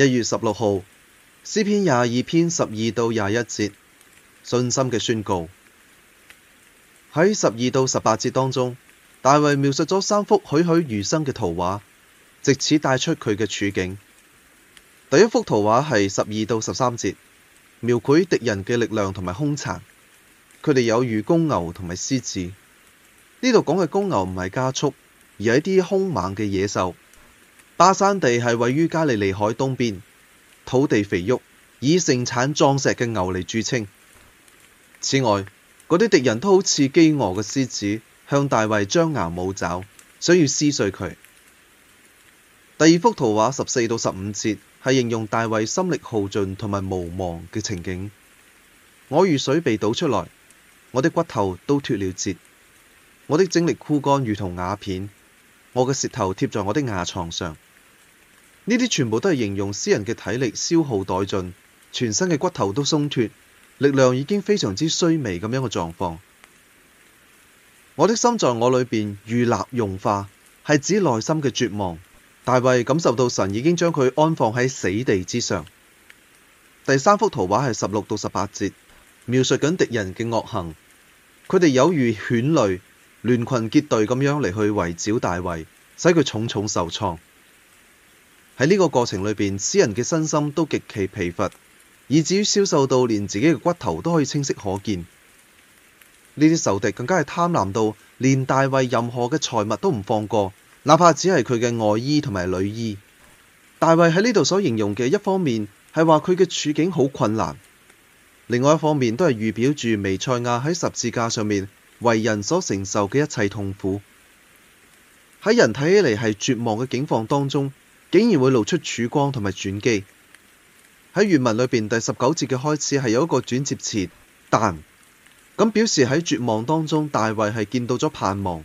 一月十六號，詩篇廿二篇十二到廿一節，信心嘅宣告。喺十二到十八節當中，大衛描述咗三幅栩栩如生嘅圖畫，借此帶出佢嘅處境。第一幅圖畫係十二到十三節，描繪敵人嘅力量同埋兇殘。佢哋有如公牛同埋獅子。呢度講嘅公牛唔係家畜，而係一啲兇猛嘅野獸。巴珊地係位於加利利海東邊，土地肥沃，以盛產壯碩嘅牛嚟著稱。此外，嗰啲敵人都好似飢餓嘅獅子，向大衛張牙舞爪，想要撕碎佢。第二幅圖畫十四到十五節係形容大衛心力耗盡同埋無望嘅情景。我如水被倒出來，我的骨頭都脫了節，我的精力枯乾如同瓦片，我嘅舌頭貼在我的牙床上。呢啲全部都係形容詩人嘅體力消耗殆盡，全身嘅骨頭都鬆脫，力量已經非常之衰微咁樣嘅狀況。我的心在我裏面如蠟融化，係指內心嘅絕望。大衛感受到神已經將佢安放喺死地之上。第三幅圖畫係十六到十八節，描述緊敵人嘅惡行，佢哋有如犬類，聯群結隊咁樣嚟去圍剿大衛，使佢重重受創。喺呢個過程裏邊，詩人嘅身心都極其疲乏，以至於消瘦到連自己嘅骨頭都可以清晰可見。呢啲仇敵更加係貪婪到連大衛任何嘅財物都唔放過，哪怕只係佢嘅外衣同埋裏衣。大衛喺呢度所形容嘅，一方面係話佢嘅處境好困難，另外一方面都係預表住彌賽亞喺十字架上面為人所承受嘅一切痛苦。喺人睇起嚟係絕望嘅境況當中。竟然會露出曙光同埋轉機。喺原文裏邊第十九節嘅開始係有一個轉接詞，但咁表示喺絕望當中，大衛係見到咗盼望。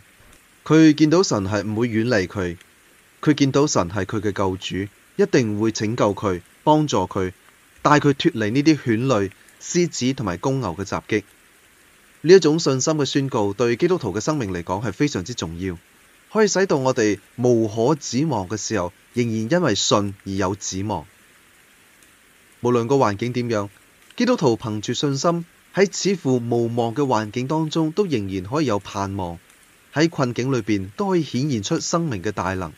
佢見到神係唔會遠離佢，佢見到神係佢嘅救主，一定會拯救佢，幫助佢，帶佢脫離呢啲犬類、獅子同埋公牛嘅襲擊。呢一種信心嘅宣告，對基督徒嘅生命嚟講係非常之重要，可以使到我哋無可指望嘅時候。仍然因為信而有指望，無論個環境點樣，基督徒憑住信心喺似乎無望嘅環境當中，都仍然可以有盼望。喺困境裏邊，都可以顯現出生命嘅大能。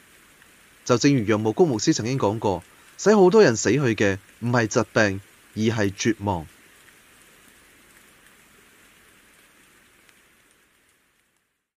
就正如楊牧谷牧師曾經講過，使好多人死去嘅唔係疾病，而係絕望。